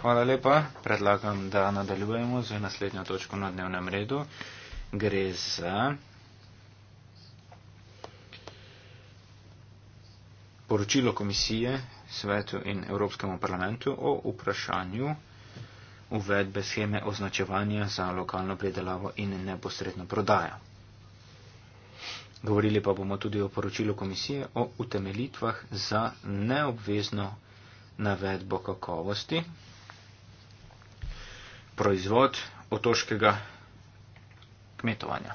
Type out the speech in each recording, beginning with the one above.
Hvala lepa. Predlagam, da nadaljujemo z naslednjo točko na dnevnem redu. Gre za poročilo komisije svetu in Evropskemu parlamentu o vprašanju uvedbe scheme označevanja za lokalno predelavo in neposredno prodajo. Govorili pa bomo tudi o poročilu komisije o utemelitvah za neobvezno navedbo kakovosti. Proizvod otoškega kmetovanja.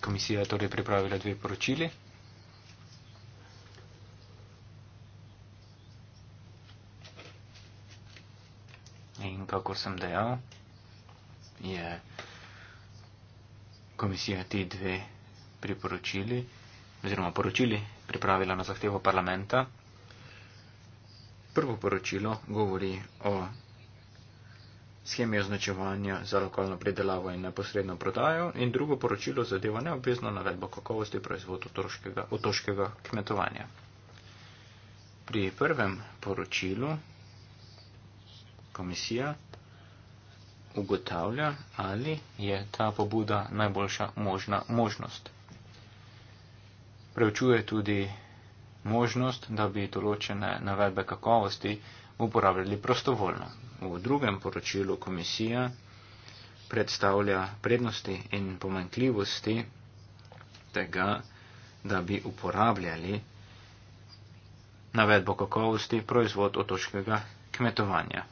Komisija je torej pripravila dve poročili. in kakor sem dejal, je komisija ti dve priporočili oziroma poročili pripravila na zahtevo parlamenta. Prvo poročilo govori o schemi označevanja za lokalno predelavo in neposredno prodajo in drugo poročilo zadeva neobvezno navedbo kakovosti proizvod otoškega, otoškega kmetovanja. Pri prvem poročilu komisija ugotavlja, ali je ta pobuda najboljša možna možnost. Preučuje tudi možnost, da bi določene navedbe kakovosti uporabljali prostovoljno. V drugem poročilu komisija predstavlja prednosti in pomankljivosti tega, da bi uporabljali navedbo kakovosti proizvod otoškega kmetovanja.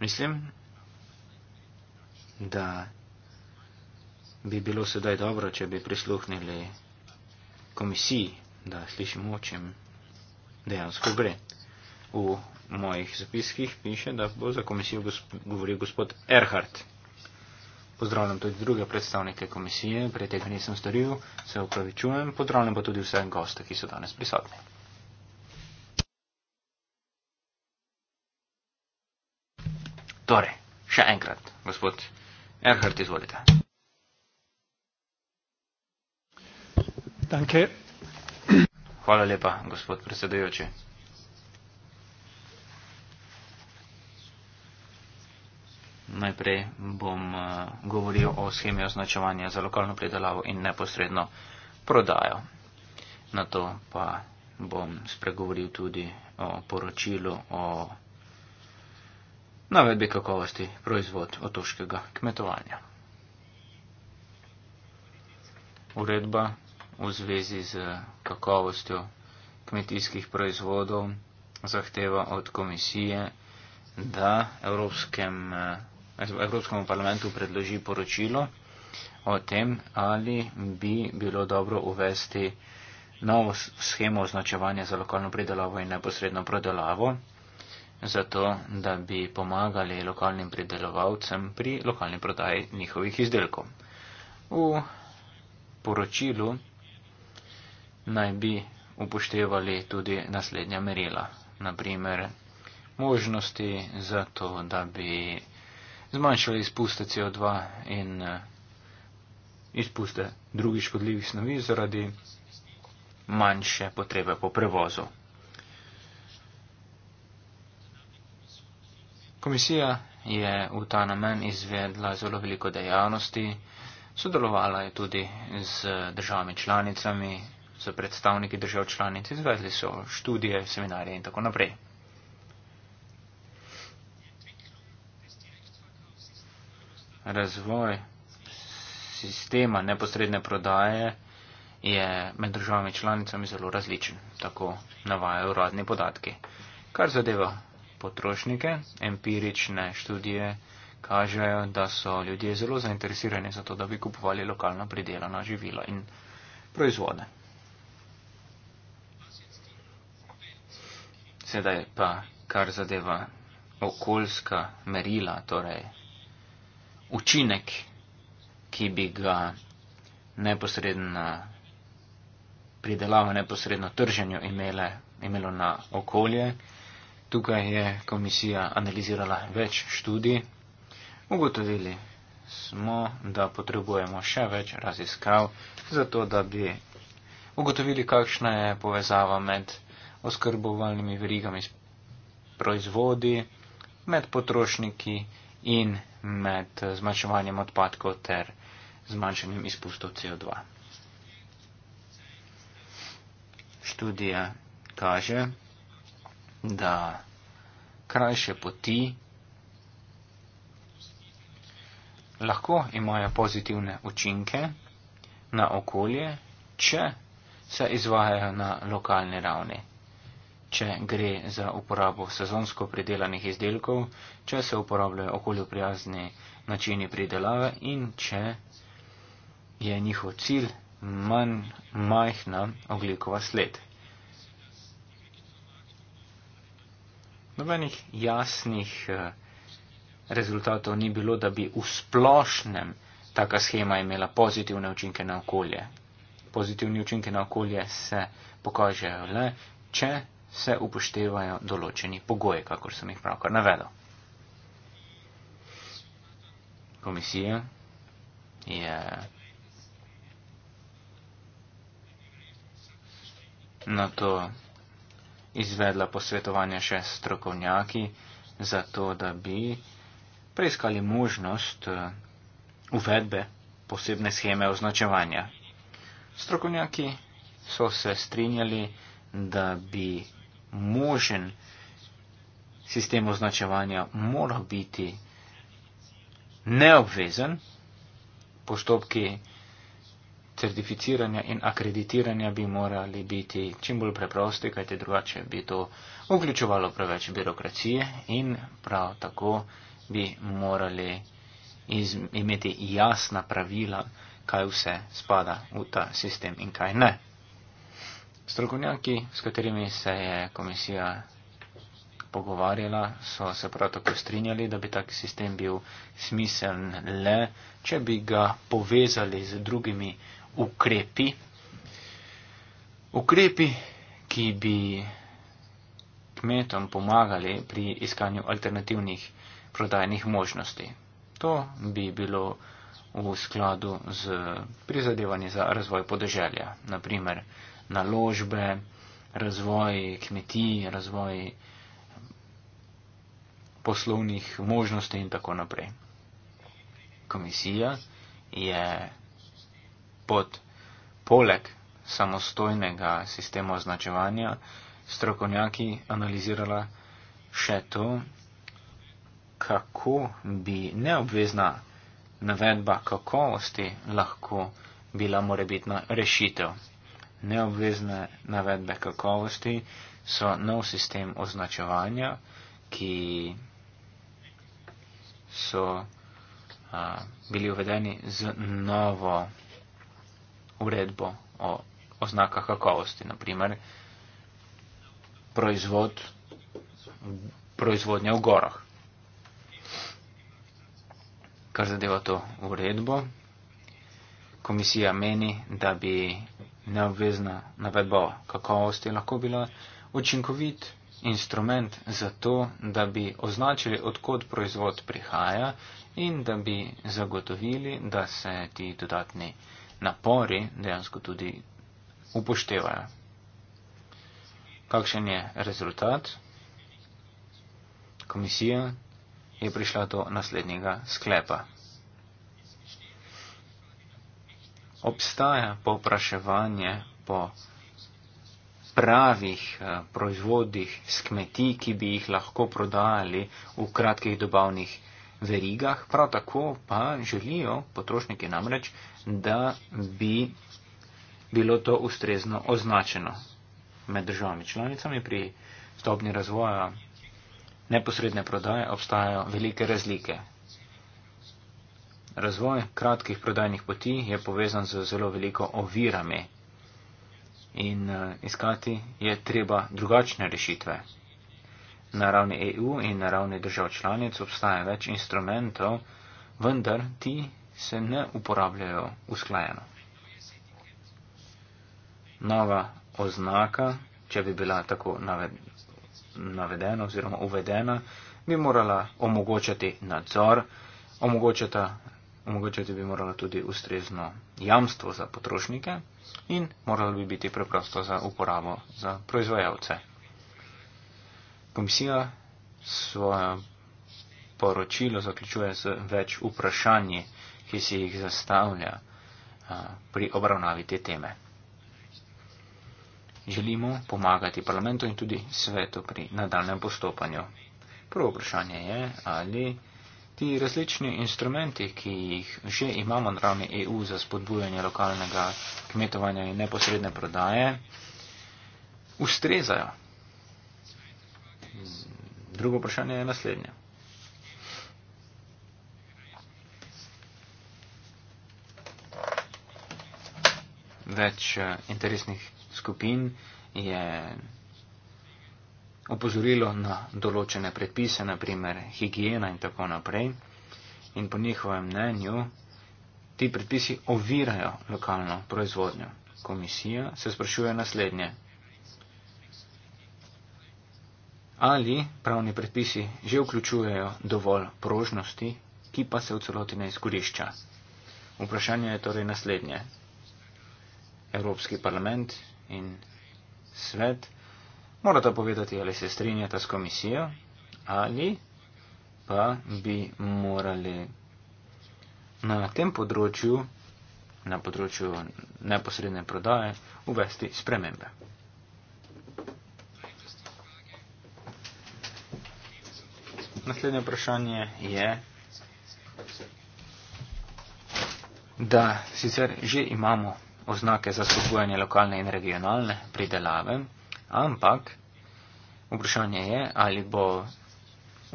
Mislim, da bi bilo sedaj dobro, če bi prisluhnili komisiji, da slišimo, o čem dejansko gre. V mojih zapiskih piše, da bo za komisijo gosp govoril gospod Erhard. Pozdravljam tudi druge predstavnike komisije, pre tega nisem storil, se upravičujem, pozdravljam pa tudi vse goste, ki so danes prisotni. Torej, še enkrat, gospod Erhard, izvolite. Danke. Hvala lepa, gospod predsedujoči. Najprej bom eh, govoril o schemi označevanja za lokalno predelavo in neposredno prodajo. Na to pa bom spregovoril tudi o poročilu o navedbi kakovosti proizvod otoškega kmetovanja. Uredba v zvezi z kakovostjo kmetijskih proizvodov zahteva od komisije, da Evropskem, eh, Evropskemu parlamentu predloži poročilo o tem, ali bi bilo dobro uvesti novo schemo označevanja za lokalno pridelavo in neposredno prodelavo zato da bi pomagali lokalnim pridelovalcem pri lokalni prodaji njihovih izdelkov. V poročilu naj bi upoštevali tudi naslednja merila, naprimer možnosti za to, da bi zmanjšali izpuste CO2 in eh, izpuste drugih škodljivih snovi zaradi manjše potrebe po prevozu. Komisija je v ta namen izvedla zelo veliko dejavnosti, sodelovala je tudi z državami članicami, z predstavniki držav članic, izvedli so študije, seminarje in tako naprej. Razvoj sistema neposredne prodaje je med državami članicami zelo različen, tako navajajo uradni podatki. Kar zadeva potrošnike. Empirične študije kažejo, da so ljudje zelo zainteresirani za to, da bi kupovali lokalno pridelana živila in proizvode. Sedaj pa, kar zadeva okoljska merila, torej učinek, ki bi ga neposredna pridelava, neposredno trženju imele, imelo na okolje. Tukaj je komisija analizirala več študij. Ugotovili smo, da potrebujemo še več raziskav, zato da bi ugotovili, kakšna je povezava med oskrbovalnimi verigami s proizvodi, med potrošniki in med zmanjševanjem odpadkov ter zmanjšanjem izpustov CO2. Študija kaže, da krajše poti lahko imajo pozitivne učinke na okolje, če se izvajajo na lokalni ravni. Če gre za uporabo sezonsko pridelanih izdelkov, če se uporabljajo okolju prijazni načini pridelave in če je njihov cilj manj majhna oglikova sled. Nobenih jasnih eh, rezultatov ni bilo, da bi v splošnem taka schema imela pozitivne učinke na okolje. Pozitivni učinke na okolje se pokažejo le, če se upoštevajo določeni pogoji, kakor sem jih pravkar navedel. Komisija je na to izvedla posvetovanje še s trokovnjaki, zato da bi preiskali možnost eh, uvedbe posebne scheme označevanja. Strokovnjaki so se strinjali, da bi možen sistem označevanja moral biti neobvezen, postopki certificiranja in akreditiranja bi morali biti čim bolj preprosti, kajte drugače bi to vključevalo preveč birokracije in prav tako bi morali iz, imeti jasna pravila, kaj vse spada v ta sistem in kaj ne. Strokovnjaki, s katerimi se je komisija pogovarjala, so se prav tako strinjali, da bi tak sistem bil smiseln le, če bi ga povezali z drugimi ukrepi, ukrepi, ki bi kmetom pomagali pri iskanju alternativnih prodajnih možnosti. To bi bilo v skladu z prizadevanji za razvoj podeželja, naprimer naložbe, razvoj kmetij, razvoj poslovnih možnosti in tako naprej. Komisija je pot. Poleg samostojnega sistema označevanja, strokovnjaki analizirala še to, kako bi neobvezna navedba kakovosti lahko bila morebitna rešitev. Neobvezne navedbe kakovosti so nov sistem označevanja, ki so a, bili uvedeni z novo uredbo o oznakah kakovosti. Naprimer, proizvod, proizvodnja v gorah. Kar zadeva to uredbo, komisija meni, da bi neobvezna navedba kakovosti lahko bila učinkovit instrument za to, da bi označili, odkot proizvod prihaja in da bi zagotovili, da se ti dodatni napori dejansko tudi upoštevajo. Kakšen je rezultat? Komisija je prišla do naslednjega sklepa. Obstaja povpraševanje po pravih eh, proizvodih s kmetij, ki bi jih lahko prodajali v kratkih dobavnih verigah, prav tako pa želijo potrošniki namreč, da bi bilo to ustrezno označeno med državami članicami pri stopni razvoja neposredne prodaje obstajajo velike razlike. Razvoj kratkih prodajnih poti je povezan z zelo veliko ovirami in eh, iskati je treba drugačne rešitve. Na ravni EU in na ravni držav članic obstaja več instrumentov, vendar ti se ne uporabljajo usklajeno. Nova oznaka, če bi bila tako navedena oziroma uvedena, bi morala omogočati nadzor, omogočati bi morala tudi ustrezno jamstvo za potrošnike in morala bi biti preprosto za uporabo za proizvajalce. Komisija svoje poročilo zaključuje z več vprašanji, ki si jih zastavlja pri obravnavi te teme. Želimo pomagati parlamentu in tudi svetu pri nadaljem postopanju. Prvo vprašanje je, ali ti različni instrumenti, ki jih že imamo na ravni EU za spodbujanje lokalnega kmetovanja in neposredne prodaje, ustrezajo Drugo vprašanje je naslednje. Več eh, interesnih skupin je opozorilo na določene predpise, naprimer higiena in tako naprej. In po njihovem mnenju ti predpisi ovirajo lokalno proizvodnjo. Komisija se sprašuje naslednje. ali pravni predpisi že vključujejo dovolj prožnosti, ki pa se v celoti ne izkorišča. Vprašanje je torej naslednje. Evropski parlament in svet morata povedati, ali se strinjata s komisijo, ali pa bi morali na tem področju, na področju neposredne prodaje, uvesti spremembe. Naslednje vprašanje je, da sicer že imamo oznake za spodbujanje lokalne in regionalne pridelave, ampak vprašanje je, ali bo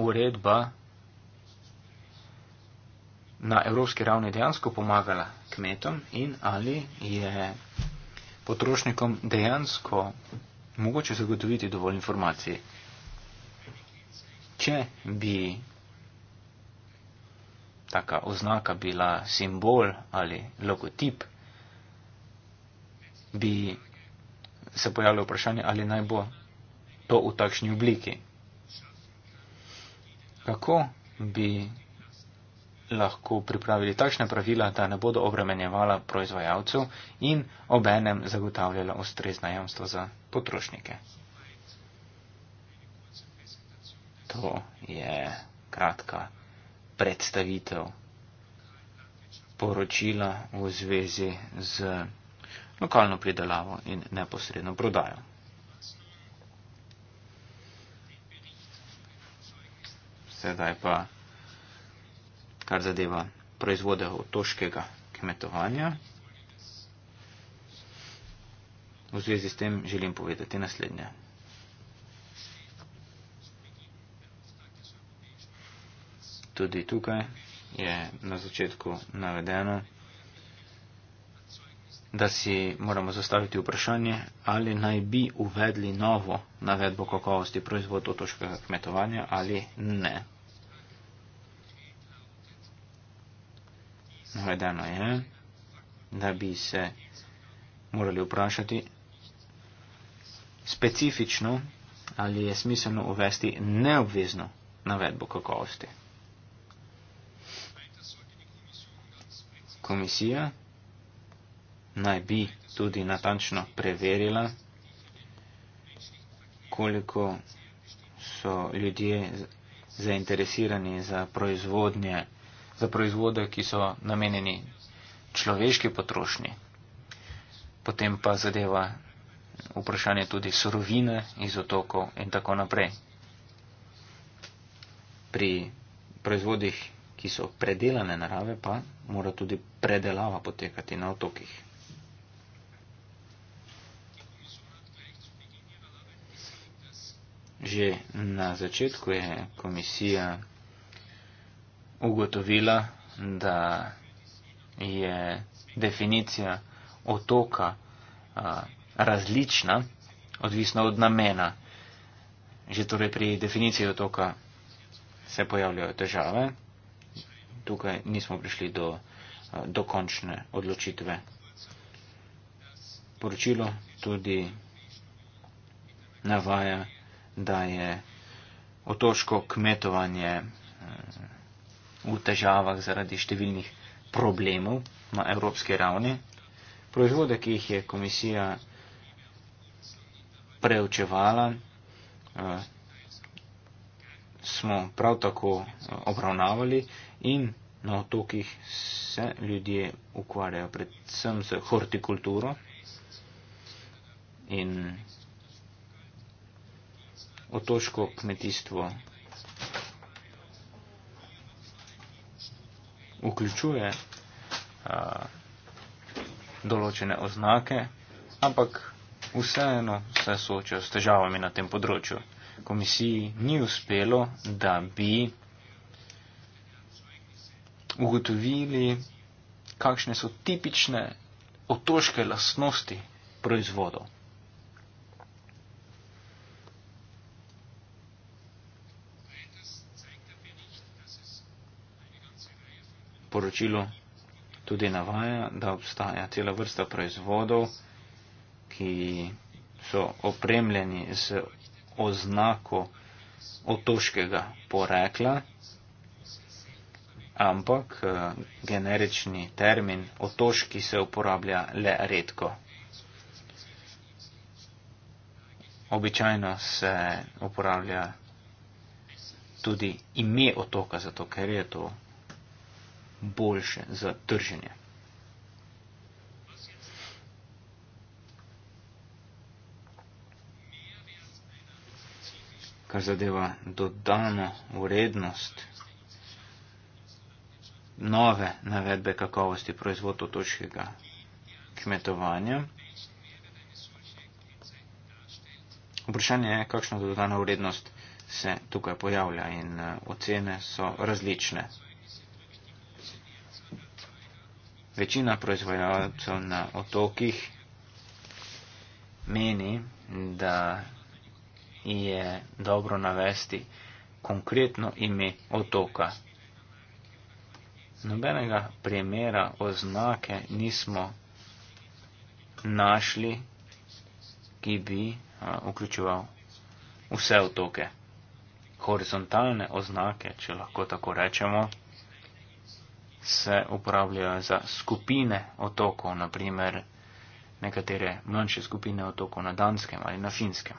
uredba na evropski ravni dejansko pomagala kmetom in ali je potrošnikom dejansko mogoče zagotoviti dovolj informacij če bi taka oznaka bila simbol ali logotip, bi se pojavilo vprašanje, ali naj bo to v takšni obliki. Kako bi lahko pripravili takšne pravila, da ne bodo obremenjevala proizvajalcev in obenem zagotavljala ustrezna jamstva za potrošnike. to je kratka predstavitev poročila v zvezi z lokalno pridelavo in neposredno prodajo. Sedaj pa, kar zadeva proizvode otoškega kmetovanja. V zvezi s tem želim povedati naslednje. tudi tukaj je na začetku navedeno, da si moramo zastaviti vprašanje, ali naj bi uvedli novo navedbo kakovosti proizvod otoškega kmetovanja ali ne. Navedeno je, da bi se morali vprašati specifično, ali je smiselno uvesti neobvezno navedbo kakovosti. komisija naj bi tudi natančno preverila, koliko so ljudje zainteresirani za proizvodnje, za proizvode, ki so namenjeni človeški potrošnji. Potem pa zadeva vprašanje tudi sorovine iz otokov in tako naprej. Pri proizvodih ki so predelane narave, pa mora tudi predelava potekati na otokih. Že na začetku je komisija ugotovila, da je definicija otoka a, različna, odvisna od namena. Že torej pri definiciji otoka se pojavljajo težave, tukaj nismo prišli do, eh, do končne odločitve. Poročilo tudi navaja, da je otoško kmetovanje eh, v težavah zaradi številnih problemov na evropski ravni. Proizvode, ki jih je komisija preučevala, eh, smo prav tako eh, obravnavali in na otokih se ljudje ukvarjajo predvsem z hortikulturo in otoško kmetijstvo vključuje a, eh, določene oznake, ampak vseeno se soočajo s težavami na tem področju komisiji ni uspelo, da bi ugotovili, kakšne so tipične otoške lasnosti proizvodov. Poročilo tudi navaja, da obstaja cela vrsta proizvodov, ki so opremljeni z oznako otoškega porekla, ampak eh, generični termin otoški se uporablja le redko. Običajno se uporablja tudi ime otoka, zato ker je to boljše za trženje. kar zadeva dodano vrednost nove navedbe kakovosti proizvod otoškega kmetovanja. Vprašanje je, kakšna dodana vrednost se tukaj pojavlja in eh, ocene so različne. Večina proizvajalcev na otokih meni, da je dobro navesti konkretno ime otoka. Nobenega primera oznake nismo našli, ki bi vključeval vse otoke. Horizontalne oznake, če lahko tako rečemo, se uporabljajo za skupine otokov, naprimer nekatere manjše skupine otokov na Danskem ali na Finskem.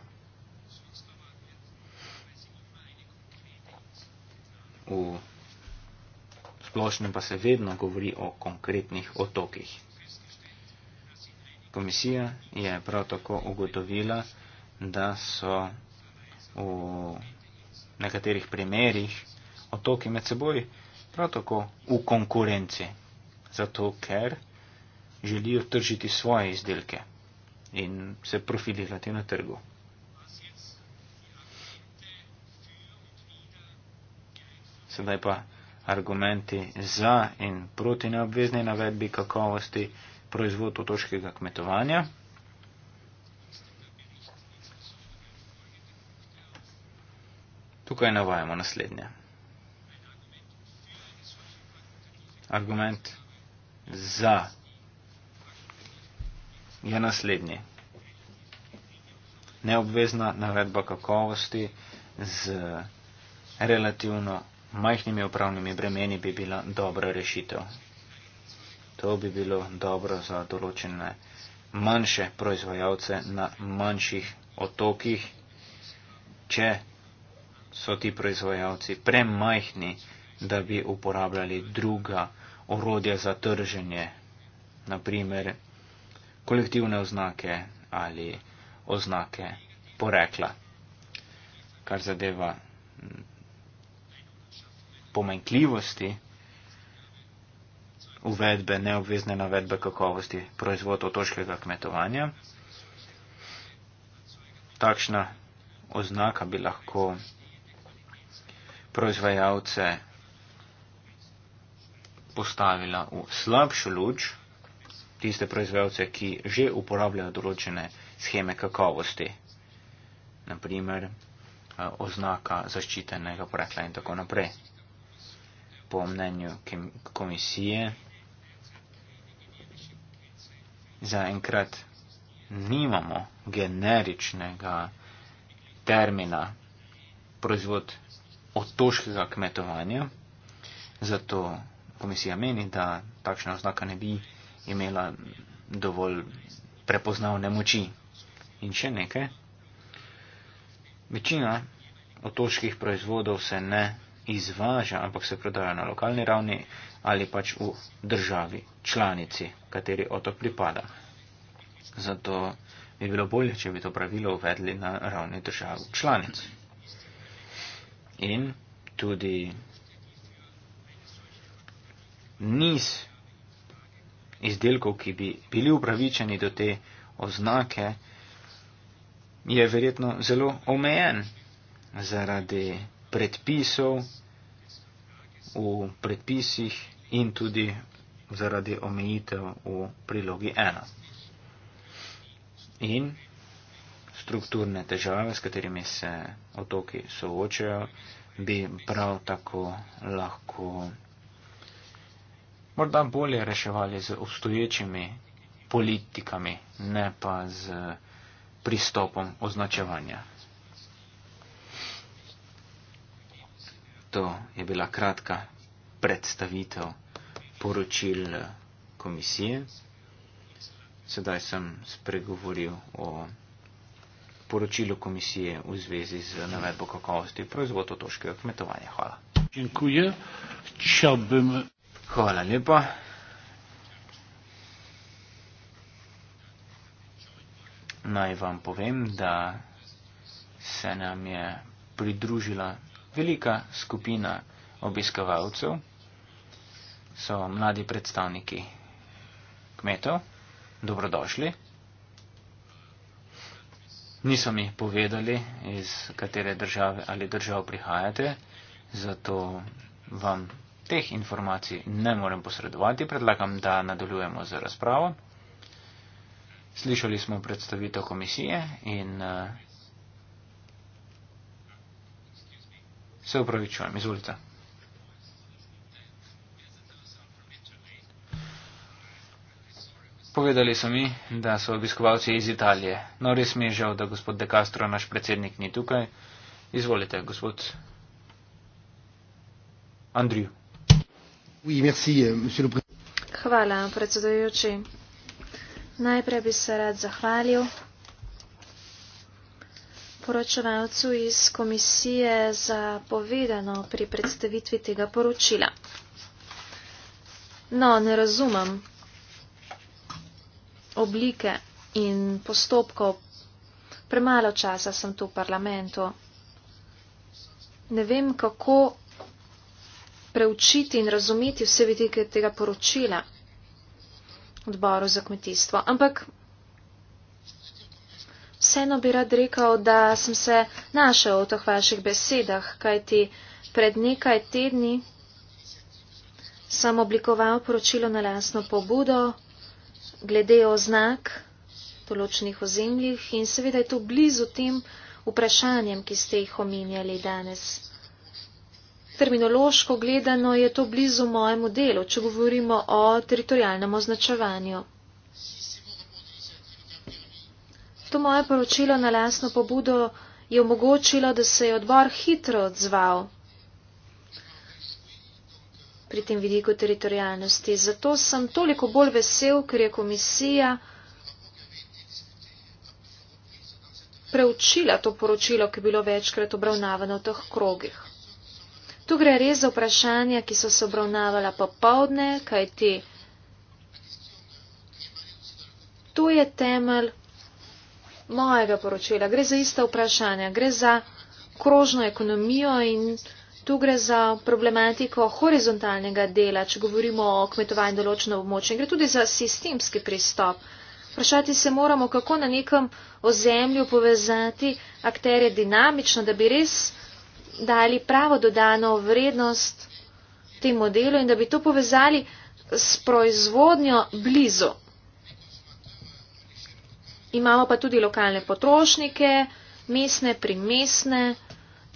v splošnem pa se vedno govori o konkretnih otokih. Komisija je prav tako ugotovila, da so v nekaterih primerjih otoki med seboj prav tako v konkurenci, zato ker želijo tržiti svoje izdelke in se profilirati na trgu. sedaj pa argumenti za in proti neobvezni navedbi kakovosti proizvod otoškega kmetovanja. Tukaj navajamo naslednje. Argument za je naslednji. Neobvezna navedba kakovosti z relativno majhnimi upravnimi bremeni bi bila dobra rešitev. To bi bilo dobro za določene manjše proizvajalce na manjših otokih, če so ti proizvajalci premajhni, da bi uporabljali druga orodja za trženje, naprimer kolektivne oznake ali oznake porekla. Kar zadeva pomenkljivosti uvedbe, neobvezne navedbe kakovosti proizvod otoškega kmetovanja. Takšna oznaka bi lahko proizvajalce postavila v slabšo luč, tiste proizvajalce, ki že uporabljajo določene scheme kakovosti, naprimer eh, oznaka zaščitenega prekla in tako naprej po mnenju komisije zaenkrat nimamo generičnega termina proizvod otoškega kmetovanja, zato komisija meni, da takšna oznaka ne bi imela dovolj prepoznavne moči. In še nekaj. Večina otoških proizvodov se ne izvaža, ampak se prodaja na lokalni ravni ali pač v državi članici, kateri otok pripada. Zato bi bilo bolje, če bi to pravilo uvedli na ravni držav članic. In tudi niz izdelkov, ki bi bili upravičeni do te oznake, je verjetno zelo omejen zaradi predpisov, v predpisih in tudi zaradi omejitev v prilogi 1. In strukturne težave, s katerimi se otoki soočajo, bi prav tako lahko morda bolje reševali z obstoječimi politikami, ne pa z pristopom označevanja. to je bila kratka predstavitev poročil eh, komisije. Sedaj sem spregovoril o poročilu komisije v zvezi z navedbo kakovosti proizvod otoškega kmetovanja. Hvala. Hvala lepa. Naj vam povem, da se nam je pridružila velika skupina obiskovalcev, so mladi predstavniki kmetov, dobrodošli. Niso mi povedali, iz katere države ali držav prihajate, zato vam teh informacij ne morem posredovati. Predlagam, da nadaljujemo z razpravo. Slišali smo predstavitev komisije in uh, Se upravičujem, izvolite. Povedali so mi, da so obiskovalci iz Italije. No, res mi je žal, da gospod De Castro, naš predsednik, ni tukaj. Izvolite, gospod Andriju. Euh, Hvala, predsedujoči. Najprej bi se rad zahvalil poročevalcu iz komisije za povedano pri predstavitvi tega poročila. No, ne razumem oblike in postopkov. Premalo časa sem tu v parlamentu. Ne vem, kako preučiti in razumeti vse vidike tega poročila odboru za kmetijstvo. Ampak vseeno bi rad rekel, da sem se našel v teh vaših besedah, kajti pred nekaj tedni sem oblikoval poročilo na lasno pobudo glede oznak določenih ozemljih in seveda je to blizu tem vprašanjem, ki ste jih omenjali danes. Terminološko gledano je to blizu mojemu delu, če govorimo o teritorijalnem označevanju. to moje poročilo na lasno pobudo je omogočilo, da se je odbor hitro odzval pri tem vidiku teritorijalnosti. Zato sem toliko bolj vesel, ker je komisija preučila to poročilo, ki je bilo večkrat obravnavano v teh krogih. Tu gre res za vprašanja, ki so se obravnavala popovdne, kajti to je temelj mojega poročila. Gre za ista vprašanja, gre za krožno ekonomijo in tu gre za problematiko horizontalnega dela, če govorimo o kmetovanju določeno območje. Gre tudi za sistemski pristop. Vprašati se moramo, kako na nekem ozemlju povezati akterje dinamično, da bi res dali pravo dodano vrednost tem modelu in da bi to povezali s proizvodnjo blizu Imamo pa tudi lokalne potrošnike, mestne, primestne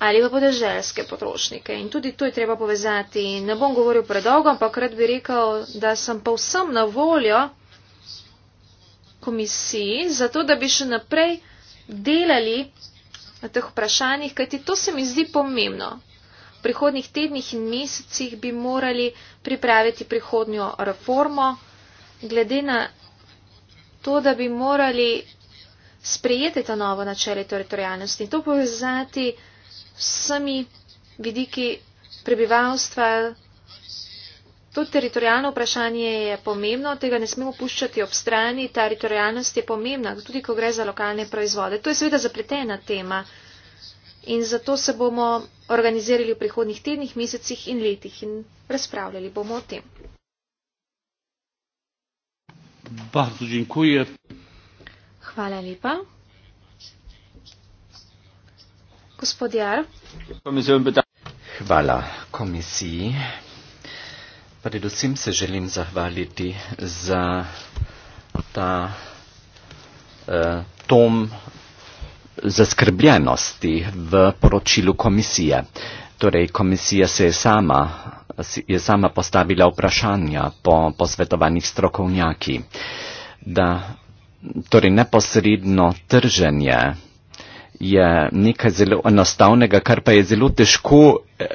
ali pa podeželske potrošnike. In tudi to je treba povezati. Ne bom govoril predolgo, ampak rad bi rekel, da sem pa vsem na voljo komisiji, zato da bi še naprej delali na teh vprašanjih, kajti to se mi zdi pomembno. V prihodnih tednih in mesecih bi morali pripraviti prihodnjo reformo glede na to, da bi morali sprejeti ta novo načelje teritorijalnosti in to povezati vsemi vidiki prebivalstva. To teritorijalno vprašanje je pomembno, tega ne smemo puščati ob strani, teritorijalnost je pomembna, tudi ko gre za lokalne proizvode. To je seveda zapletena tema in zato se bomo organizirali v prihodnih tednih, mesecih in letih in razpravljali bomo o tem. Bardzo dziękuję. Chwala lipa. Gospodiar. Chwala komisji. Predvsem se želim zahvaliti za ta eh, tom zaskrbljenosti v poročilu komisije. Torej, komisija se je sama je sama postavila vprašanja po posvetovanjih strokovnjaki, da torej neposredno trženje je nekaj zelo enostavnega, kar pa je zelo težko eh,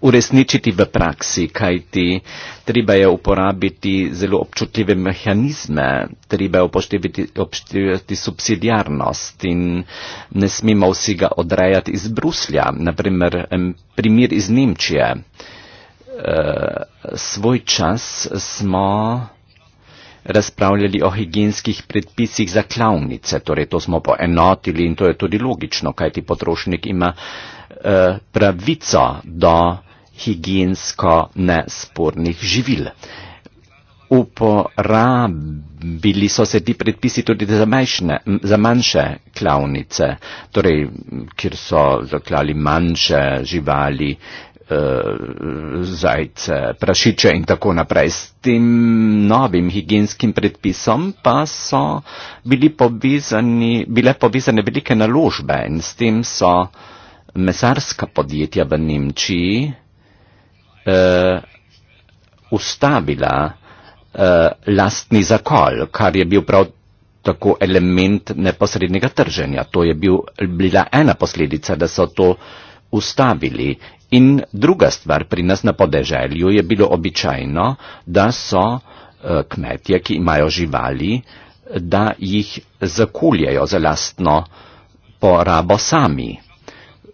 uresničiti v praksi, kajti treba je uporabiti zelo občutljive mehanizme, treba je upoštevati, upoštevati subsidiarnost in ne smemo vsi ga odrejati iz Bruslja. Naprimer, primir iz Nemčije. Uh, Eh, svoj čas smo razpravljali o higijenskih predpisih za klavnice, torej to smo poenotili in to je tudi logično, kajti potrošnik ima eh, pravico do higijensko nespornih živil. Uporabili so se ti predpisi tudi za, majšne, za manjše klavnice, torej, kjer so zaklali manjše živali, Eh, zajce, prašiče in tako naprej. S tem novim higijenskim predpisom pa so bili povezani, bile povezane velike naložbe in s tem so mesarska podjetja v Nemčiji uh, ustavila uh, lastni zakol, kar je bil prav tako element neposrednega trženja. To je bil, bila ena posledica, da so to ustavili In druga stvar pri nas na podeželju je bilo običajno, da so eh, kmetje, ki imajo živali, da jih zakuljajo za lastno porabo sami.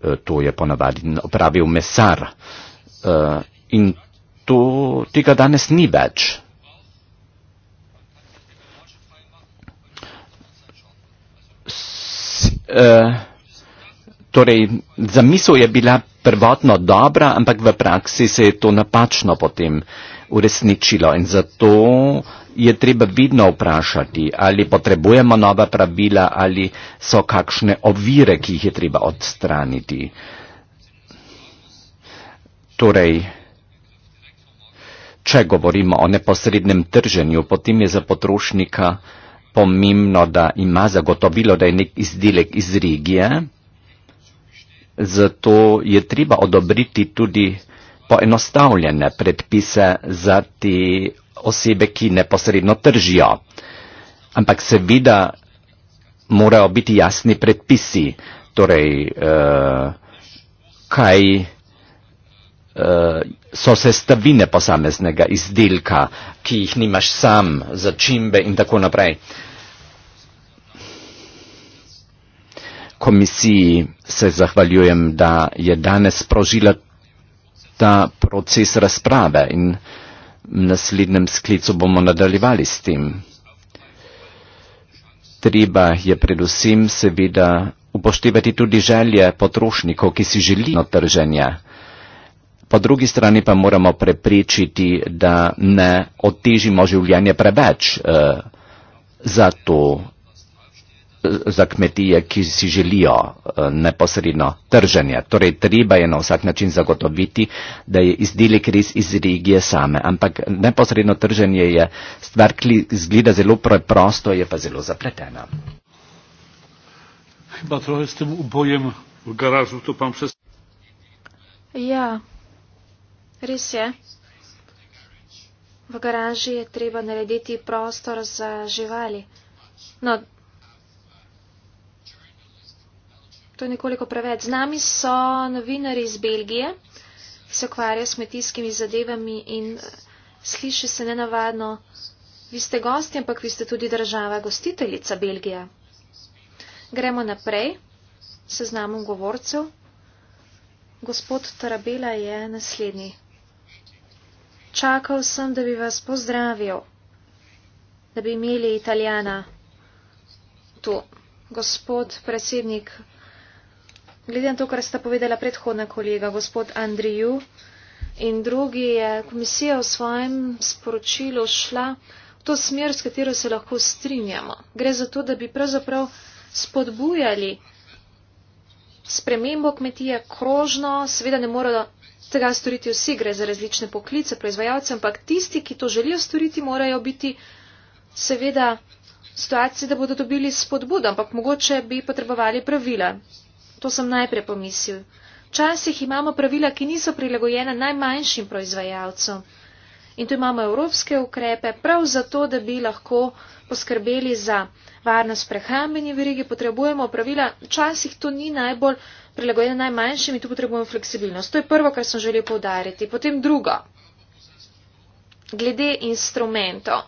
Eh, to je ponavadi opravil mesar. Eh, in to tega danes ni več. S, uh, Torej, zamisel je bila prvotno dobra, ampak v praksi se je to napačno potem uresničilo in zato je treba vidno vprašati, ali potrebujemo nova pravila, ali so kakšne ovire, ki jih je treba odstraniti. Torej, če govorimo o neposrednem trženju, potem je za potrošnika pomembno, da ima zagotovilo, da je nek izdelek iz regije zato je treba odobriti tudi poenostavljene predpise za te osebe, ki neposredno tržijo. Ampak seveda morajo biti jasni predpisi, torej eh, kaj eh, so sestavine posameznega izdelka, ki jih nimaš sam, začimbe in tako naprej. Eh, komisiji se zahvaljujem, da je danes sprožila ta proces razprave in v naslednjem sklicu bomo nadaljevali s tem. Treba je predvsem seveda upoštevati tudi želje potrošnikov, ki si želijo trženja. Po drugi strani pa moramo preprečiti, da ne otežimo življenje preveč. Eh, Zato za kmetije, ki si želijo eh, neposredno trženje. Torej, treba je na vsak način zagotoviti, da je izdelek res iz regije same. Ampak neposredno trženje je stvar, ki izgleda zelo preprosto, je pa zelo zapletena. Ja, res je. V garaži je treba narediti prostor za živali. No, To je nekoliko preveč. Z nami so novinari iz Belgije, ki se ukvarjajo s kmetijskimi zadevami in eh, sliši se nenavadno, vi ste gosti, ampak vi ste tudi država gostiteljica Belgija. Gremo naprej, seznamom govorcev. Gospod Tarabela je naslednji. Čakal sem, da bi vas pozdravil, da bi imeli Italijana tu. Gospod predsednik Glede na to, kar sta povedala predhodna kolega, gospod Andriju in drugi, je komisija v svojem sporočilu šla v to smer, s katero se lahko strinjamo. Gre za to, da bi pravzaprav spodbujali spremembo kmetije krožno, seveda ne morajo tega storiti vsi, gre za različne poklice, proizvajalce, ampak tisti, ki to želijo storiti, morajo biti seveda situacije, da bodo dobili spodbudo, ampak mogoče bi potrebovali pravila. To sem najprej pomislil. Včasih imamo pravila, ki niso prilagojena najmanjšim proizvajalcem. In tu imamo evropske ukrepe, prav zato, da bi lahko poskrbeli za varnost prehrambeni verigi, potrebujemo pravila. Včasih to ni najbolj prilagojeno najmanjšim in tu potrebujemo fleksibilnost. To je prvo, kar sem želel povdariti. Potem drugo. Glede instrumentov.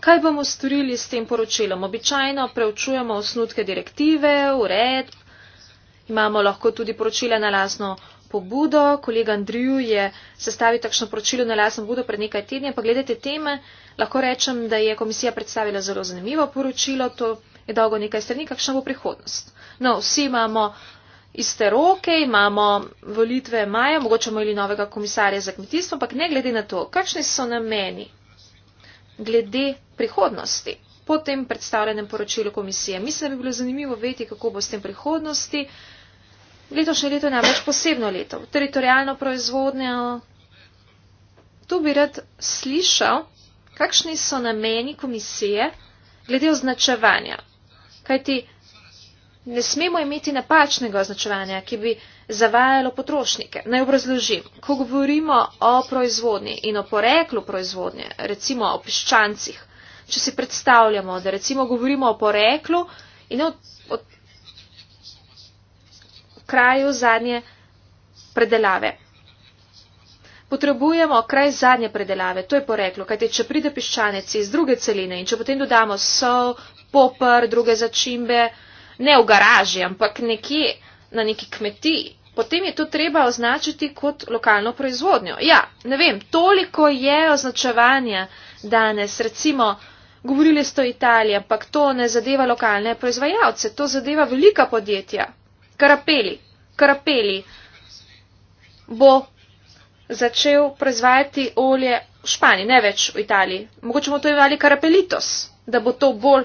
Kaj bomo storili s tem poročilom? Običajno preučujemo osnutke direktive, ured, Imamo lahko tudi poročila na lasno pobudo. Kolega Andriju je sestavil takšno poročilo na lasno pobudo pred nekaj tedni, pa glede te teme lahko rečem, da je komisija predstavila zelo zanimivo poročilo, to je dolgo nekaj strani, kakšna bo prihodnost. No, vsi imamo iste roke, imamo volitve maja, mogoče imeli novega komisarja za kmetijstvo, ampak ne glede na to, kakšni so nameni glede prihodnosti po tem predstavljenem poročilu komisije. Mislim, da bi bilo zanimivo vedeti, kako bo s tem prihodnosti. Letošnje leto je namreč posebno leto, teritorijalno proizvodnjo. Tu bi rad slišal, kakšni so nameni komisije glede označevanja. Kajti ne smemo imeti napačnega označevanja, ki bi zavajalo potrošnike. Naj obrazložim, ko govorimo o proizvodnji in o poreklu proizvodnje, recimo o piščancih, če si predstavljamo, da recimo govorimo o poreklu in o, o kraju zadnje predelave. Potrebujemo kraj zadnje predelave, to je poreklo, kajte če pride piščanec iz druge celine in če potem dodamo sol, popr, druge začimbe, ne v garaži, ampak nekje na neki kmetiji, potem je to treba označiti kot lokalno proizvodnjo. Ja, ne vem, toliko je označevanja danes, recimo, govorili ste o Italiji, ampak to ne zadeva lokalne proizvajalce, to zadeva velika podjetja. Karapeli, karapeli bo začel proizvajati olje v Španiji, ne več v Italiji. Mogoče bomo to imeli karapelitos, da bo to bolj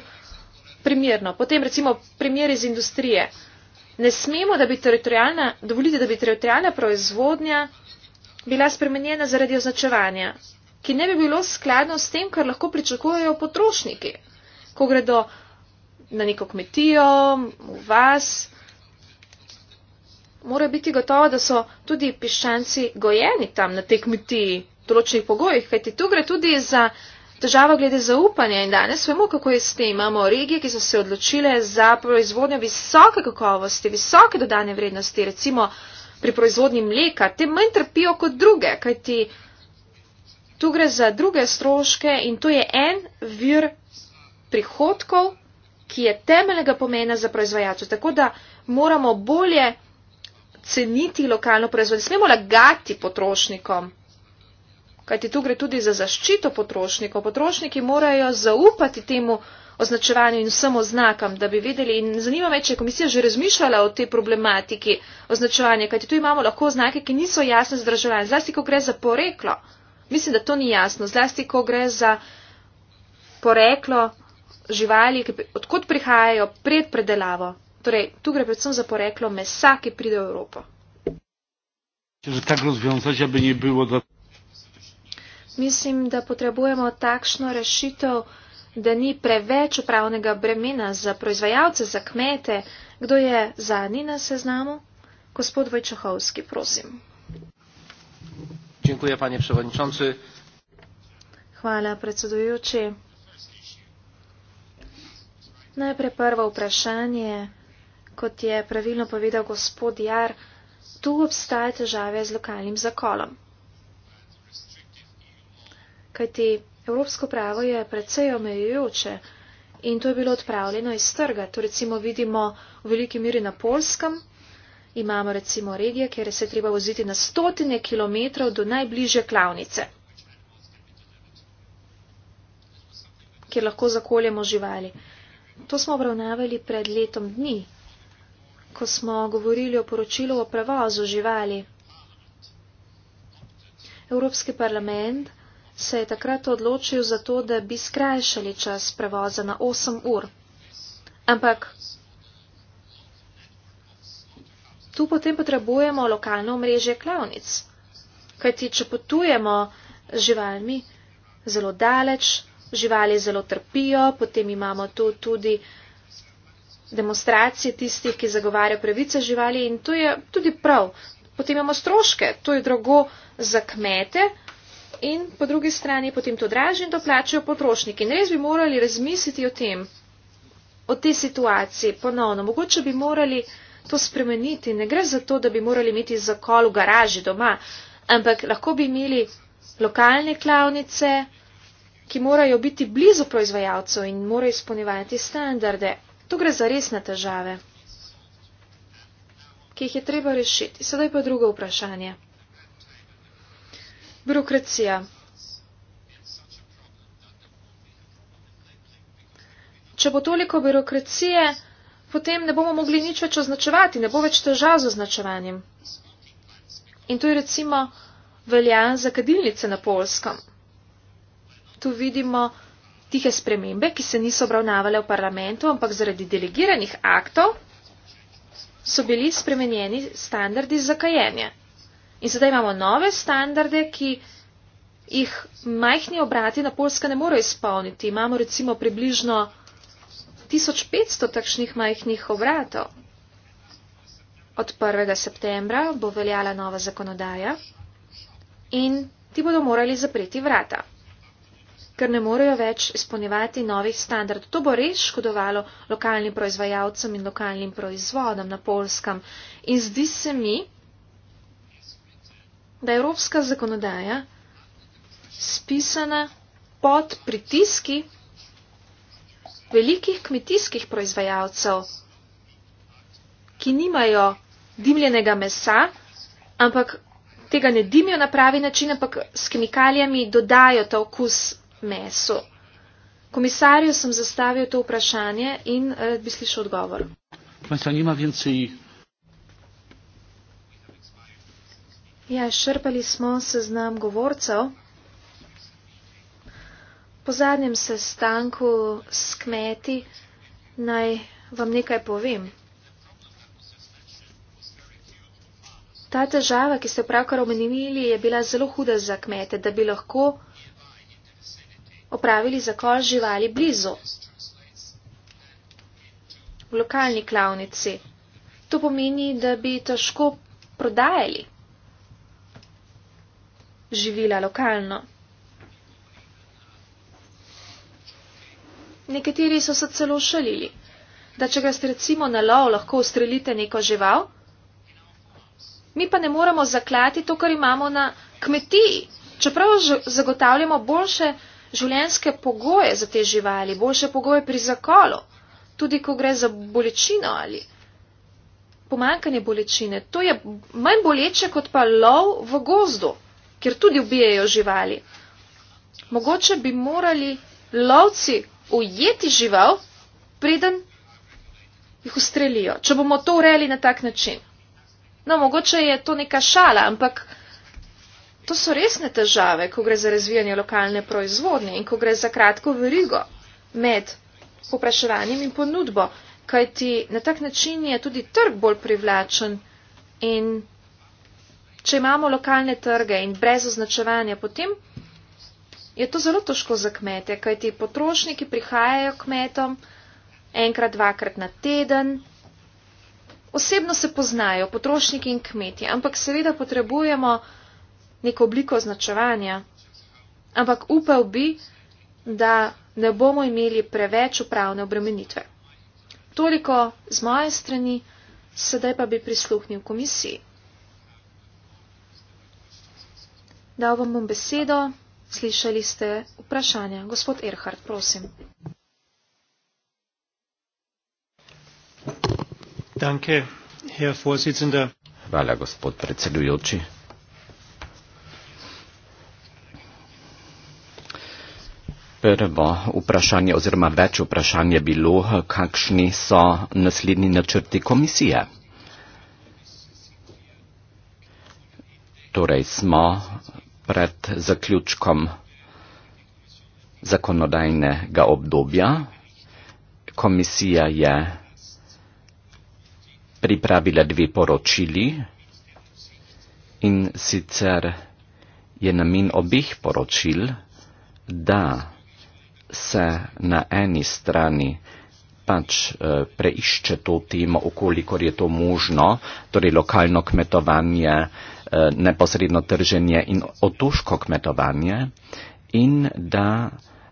primerno. Potem recimo primer iz industrije. Ne smemo, da bi teritorijalna, dovolite, da bi teritorijalna proizvodnja bila spremenjena zaradi označevanja, ki ne bi bilo skladno s tem, kar lahko pričakujejo potrošniki, ko gredo na neko kmetijo, v vas, mora biti gotovo, da so tudi piščanci gojeni tam na tej kmetiji v določenih pogojih, kajti tu gre tudi za težavo glede zaupanja in danes vemo, kako je s tem. Imamo regije, ki so se odločile za proizvodnjo visoke kakovosti, visoke dodane vrednosti, recimo pri proizvodnji mleka, te manj trpijo kot druge, kajti tu gre za druge stroške in to je en vir prihodkov, ki je temeljega pomena za proizvajalce. Tako da moramo bolje ceniti lokalno proizvodnjo. Smemo lagati potrošnikom. Kajti tu gre tudi za zaščito potrošnikov. Potrošniki morajo zaupati temu označevanju in vsem oznakam, da bi vedeli. In zanima me, če je komisija že razmišljala o tej problematiki označevanja, kajti tu imamo lahko oznake, ki niso jasne zdražovanja. Zlasti, ko gre za poreklo. Mislim, da to ni jasno. Zlasti, ko gre za poreklo živali, odkot prihajajo pred predelavo. Torej, tu gre predvsem za poreklo mesa, ki pride v Evropo. Mislim, da potrebujemo takšno rešitev, da ni preveč upravnega bremena za proizvajalce, za kmete. Kdo je zadnji na seznamu? Gospod Vojčehovski, prosim. Dziękuję, panie przewodniczący. Hvala, predsedujoči. Najprej prvo vprašanje kot je pravilno povedal gospod Jar, tu obstaja težave z lokalnim zakolom. Kajti evropsko pravo je precej omejujoče in to je bilo odpravljeno iz trga. To recimo vidimo v veliki miri na Polskem. Imamo recimo regije, kjer se treba voziti na stotine kilometrov do najbližje klavnice, kjer lahko zakoljemo živali. To smo obravnavali pred letom dni ko smo govorili o poročilu o prevozu živali. Evropski parlament se je takrat odločil za to, da bi skrajšali čas prevoza na 8 ur. Ampak tu potem potrebujemo lokalno omrežje klavnic. Kajti, če potujemo z živalmi zelo daleč, živali zelo trpijo, potem imamo tu tudi uh, demonstracij tistih, ki zagovarjajo pravice živali in to je tudi prav. Potem imamo stroške, to je drago za kmete in po drugi strani potem to draži in to plačajo potrošniki. In res bi morali razmisliti o tem, o tej situaciji ponovno. Mogoče bi morali to spremeniti. Ne gre za to, da bi morali imeti zakol v garaži doma, ampak lahko bi imeli lokalne klavnice, ki morajo biti blizu proizvajalcev in morajo izpolnjevati standarde, Tu gre za resne težave, ki jih je treba rešiti. Sedaj pa drugo vprašanje. Birokracija. Če bo toliko birokracije, potem ne bomo mogli nič več označevati, ne bo več težav z označevanjem. In to je recimo velja za kadilnice na polskem. Tu vidimo, tihe spremembe, ki se niso obravnavale v parlamentu, ampak zaradi delegiranih aktov so bili spremenjeni standardi za kajenje. In sedaj imamo nove standarde, ki jih majhni obrati na Polska ne morejo izpolniti. Imamo recimo približno 1500 takšnih majhnih obratov. Od 1. septembra bo veljala nova zakonodaja in ti bodo morali zapreti vrata ker ne morejo več izpolnjevati novih standardov. To bo res škodovalo lokalnim proizvajalcem in lokalnim proizvodom na polskem. In zdi se mi, da je evropska zakonodaja spisana pod pritiski velikih kmetijskih proizvajalcev, ki nimajo dimljenega mesa, ampak tega ne dimijo na pravi način, ampak s kemikalijami dodajo ta okus meso. Komisarju sem zastavil to vprašanje in rad eh, bi slišal odgovor. Ja, šrpali smo seznam govorcev. Po zadnjem sestanku s kmeti naj vam nekaj povem. Ta težava, ki ste pravkar omenili, je bila zelo huda za kmete, da bi lahko opravili zakol živali blizu, v lokalni klavnici. To pomeni, da bi težko prodajali živila lokalno. Nekateri so se celo šalili, da če ga ste recimo na lov, lahko ustrelite neko žival, mi pa ne moremo zaklati to, kar imamo na kmetiji, čeprav zagotavljamo boljše življenske pogoje za te živali, boljše pogoje pri zakolu, tudi ko gre za bolečino ali pomankanje bolečine. To je manj boleče kot pa lov v gozdu, kjer tudi ubijajo živali. Mogoče bi morali lovci ujeti žival, preden jih ustrelijo, če bomo to urejali na tak način. No, mogoče je to neka šala, ampak To so resne težave, ko gre za razvijanje lokalne proizvodnje in ko gre za kratko verigo med popraševanjem in ponudbo, kajti na tak način je tudi trg bolj privlačen in če imamo lokalne trge in brez označevanja, potem je to zelo težko za kmete, kajti potrošniki prihajajo kmetom enkrat, dvakrat na teden. Osebno se poznajo potrošniki in kmetje, ampak seveda potrebujemo neko obliko označevanja. Ampak upal bi, da ne bomo imeli preveč upravne obremenitve. Toliko z moje strani, sedaj pa bi prisluhnil komisiji. Dal vam bom besedo, slišali ste vprašanja. Gospod Erhard, prosim. Danke, Hvala, gospod predsedujoči. Prvo vprašanje oziroma več vprašanje je bilo, kakšni so naslednji načrti komisije. Torej smo pred zaključkom zakonodajnega obdobja. Komisija je pripravila dve poročili in sicer je namen obih poročil, da se na eni strani pač eh, preišče to temo, okolikor je to možno, torej lokalno kmetovanje, eh, neposredno trženje in otoško kmetovanje in da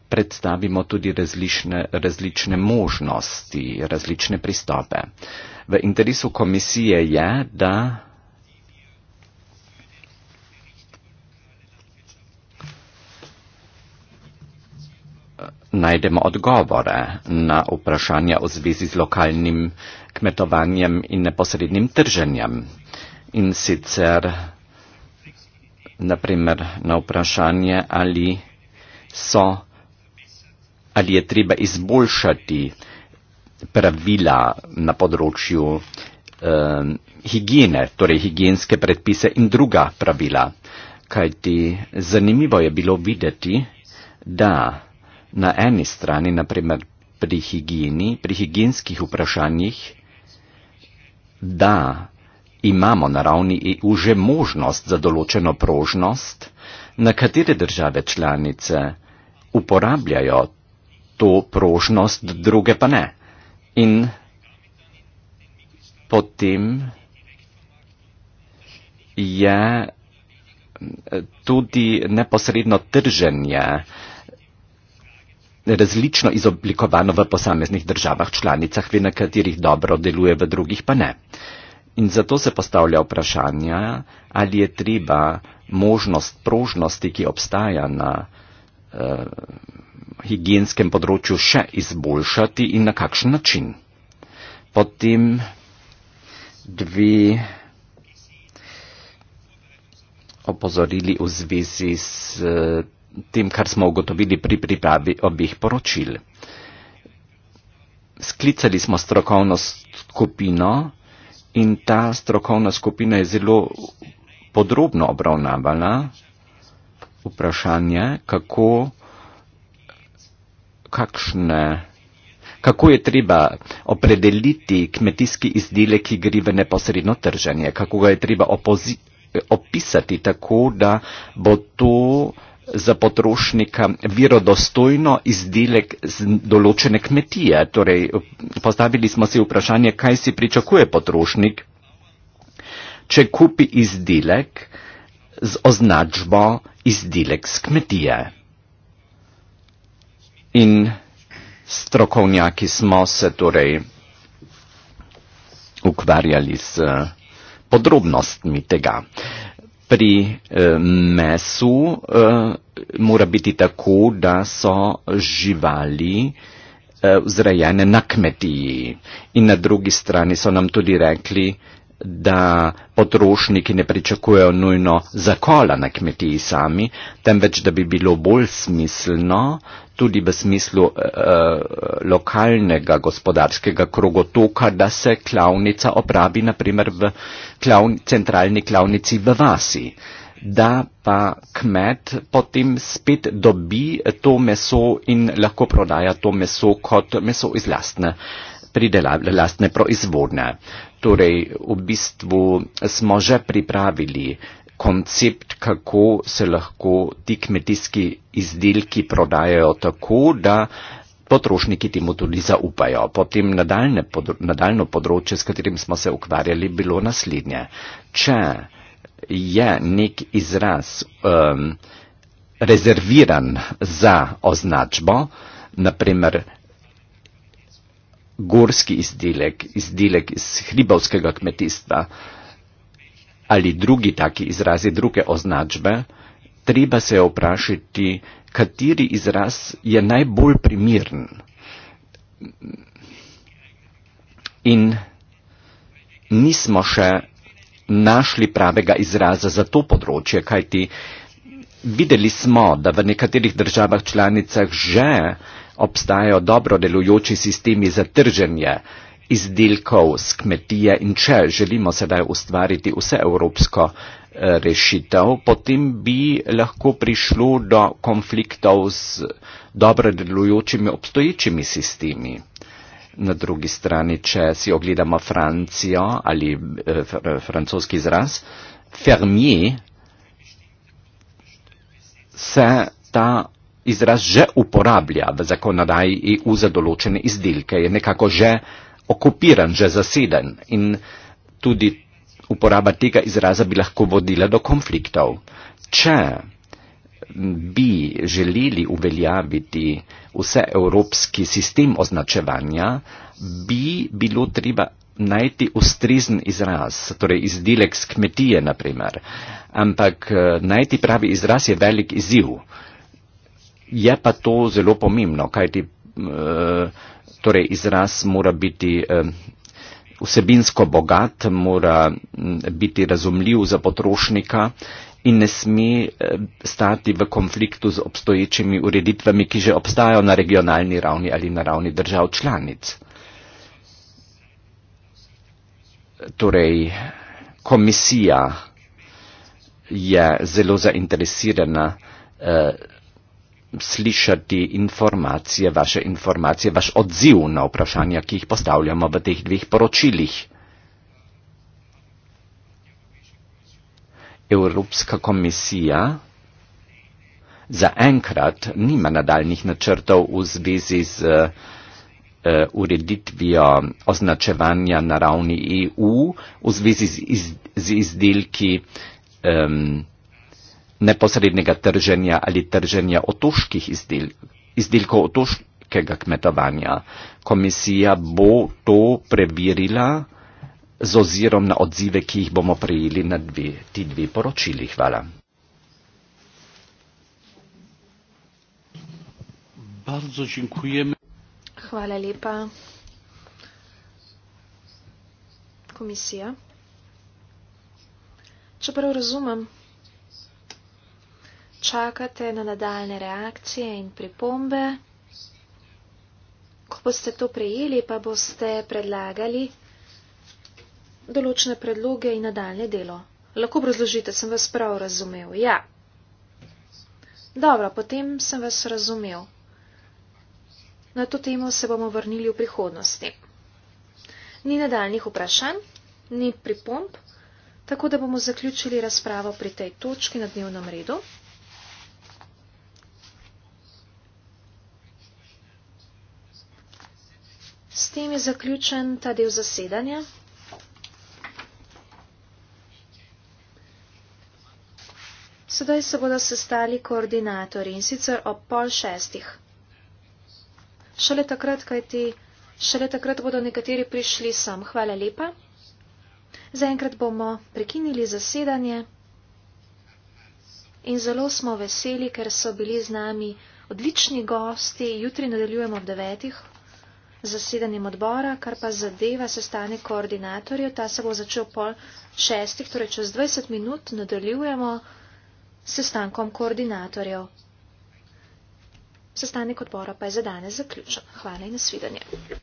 predstavimo tudi različne, različne možnosti, različne pristope. V interesu komisije je, da najdemo odgovore na vprašanja v zvezi z lokalnim kmetovanjem in neposrednim trženjem. In sicer, naprimer, na vprašanje, ali, so, ali je treba izboljšati pravila na področju eh, higiene, torej higijenske predpise in druga pravila. Kajti zanimivo je bilo videti, da Na eni strani, naprimer pri higieni, pri higijenskih vprašanjih, da imamo na ravni EU že možnost za določeno prožnost, na katere države članice uporabljajo to prožnost, druge pa ne. In potem je tudi neposredno trženje uh, različno izoblikovano v posameznih državah članicah, v nekaterih dobro deluje, v drugih pa ne. In zato se postavlja vprašanje, ali je treba možnost prožnosti, ki obstaja na eh, higijenskem področju, še izboljšati in na kakšen način. Potem dve opozorili v zvezi s. Eh, tem, kar smo ugotovili pri pripravi obih poročil. Sklicali smo strokovno skupino in ta strokovna skupina je zelo podrobno obravnavala vprašanje, kako, kakšne, kako je treba opredeliti kmetijski izdelek, ki gre v neposredno trženje, kako ga je treba opozi, opisati tako, da bo to za potrošnika virodostojno izdelek z določene kmetije. Torej, postavili smo si vprašanje, kaj si pričakuje potrošnik, če kupi izdelek z označbo izdelek z kmetije. In strokovnjaki smo se torej ukvarjali s eh, podrobnostmi tega. Uh, pri eh, mesu eh, mora biti tako, da so živali eh, vzrejene na kmetiji. In na drugi strani so nam tudi rekli, da potrošniki ne pričakujejo nujno zakola na kmetiji sami, temveč da bi bilo bolj smiselno tudi v smislu eh, eh lokalnega gospodarskega krogotoka, da se klavnica opravi naprimer v klavni, centralni klavnici v vasi da pa kmet potem spet dobi to meso in lahko prodaja to meso kot meso iz lastne, pridela, lastne proizvodne torej v bistvu smo že pripravili koncept, kako se lahko ti kmetijski izdelki prodajajo tako, da potrošniki temu tudi zaupajo. Potem podro, nadaljno področje, s katerim smo se ukvarjali, bilo naslednje. Če je nek izraz um, rezerviran za označbo, naprimer gorski izdelek, izdelek iz hribovskega kmetijstva ali drugi taki izrazi, druge označbe, treba se vprašati, kateri izraz je najbolj primiren. In nismo še našli pravega izraza za to področje, kajti videli smo, da v nekaterih državah članicah že obstajajo dobro delujoči sistemi za trženje izdelkov z kmetije in če želimo sedaj ustvariti vse evropsko eh, rešitev, potem bi lahko prišlo do konfliktov z dobro delujočimi obstoječimi sistemi. Na drugi strani, če si ogledamo Francijo ali eh, fr francoski izraz, fermier se ta izraz že uporablja v zakonodaji EU za določene izdelke, je nekako že okupiran, že zaseden in tudi uporaba tega izraza bi lahko vodila do konfliktov. Če bi želeli uveljaviti vse evropski sistem označevanja, bi bilo treba najti ustrezen izraz, torej izdelek z kmetije naprimer. Ampak eh, najti pravi izraz je velik izziv. Je pa to zelo pomembno, kajti eh, torej izraz mora biti eh, vsebinsko bogat, mora mm, biti razumljiv za potrošnika in ne sme eh, stati v konfliktu z obstoječimi ureditvami, ki že obstajajo na regionalni ravni ali na ravni držav članic. Torej, komisija je zelo zainteresirana slišati informacije, vaše informacije, vaš odziv na vprašanja, ki jih postavljamo v teh dveh poročilih. Evropska komisija zaenkrat nima nadaljnih načrtov v zvezi z eh, eh, ureditvijo označevanja na ravni EU, v zvezi z izdelki. Um, neposrednega trženja ali trženja otoških izdel, izdelkov otoškega kmetovanja. Komisija bo to preverila z ozirom na odzive, ki jih bomo prejeli na dve, ti dve poročili. Hvala. Hvala lepa. Komisija. Čeprav razumem, čakate na nadaljne reakcije in pripombe. Ko boste to prejeli, pa boste predlagali določene predloge in nadaljne delo. Lahko obrazložite, sem vas prav razumel. Ja. Dobro, potem sem vas razumel. Na to temo se bomo vrnili v prihodnosti. Ni nadaljnih vprašanj, ni pripomb, tako da bomo zaključili razpravo pri tej točki na dnevnem redu. tem je zaključen ta del zasedanja. Sedaj se bodo sestali koordinatori in sicer ob pol šestih. Šele takrat, kaj ti, šele takrat bodo nekateri prišli sem. Hvala lepa. Zaenkrat bomo prekinili zasedanje in zelo smo veseli, ker so bili z nami odlični gosti. Jutri nadaljujemo ob devetih zasedanjem odbora, kar pa zadeva sestanek koordinatorjev. Ta se bo začel pol šestih, torej čez 20 minut nadaljujemo sestankom koordinatorjev. Sestanek odbora pa je za danes zaključen. Hvala in nasvidenje.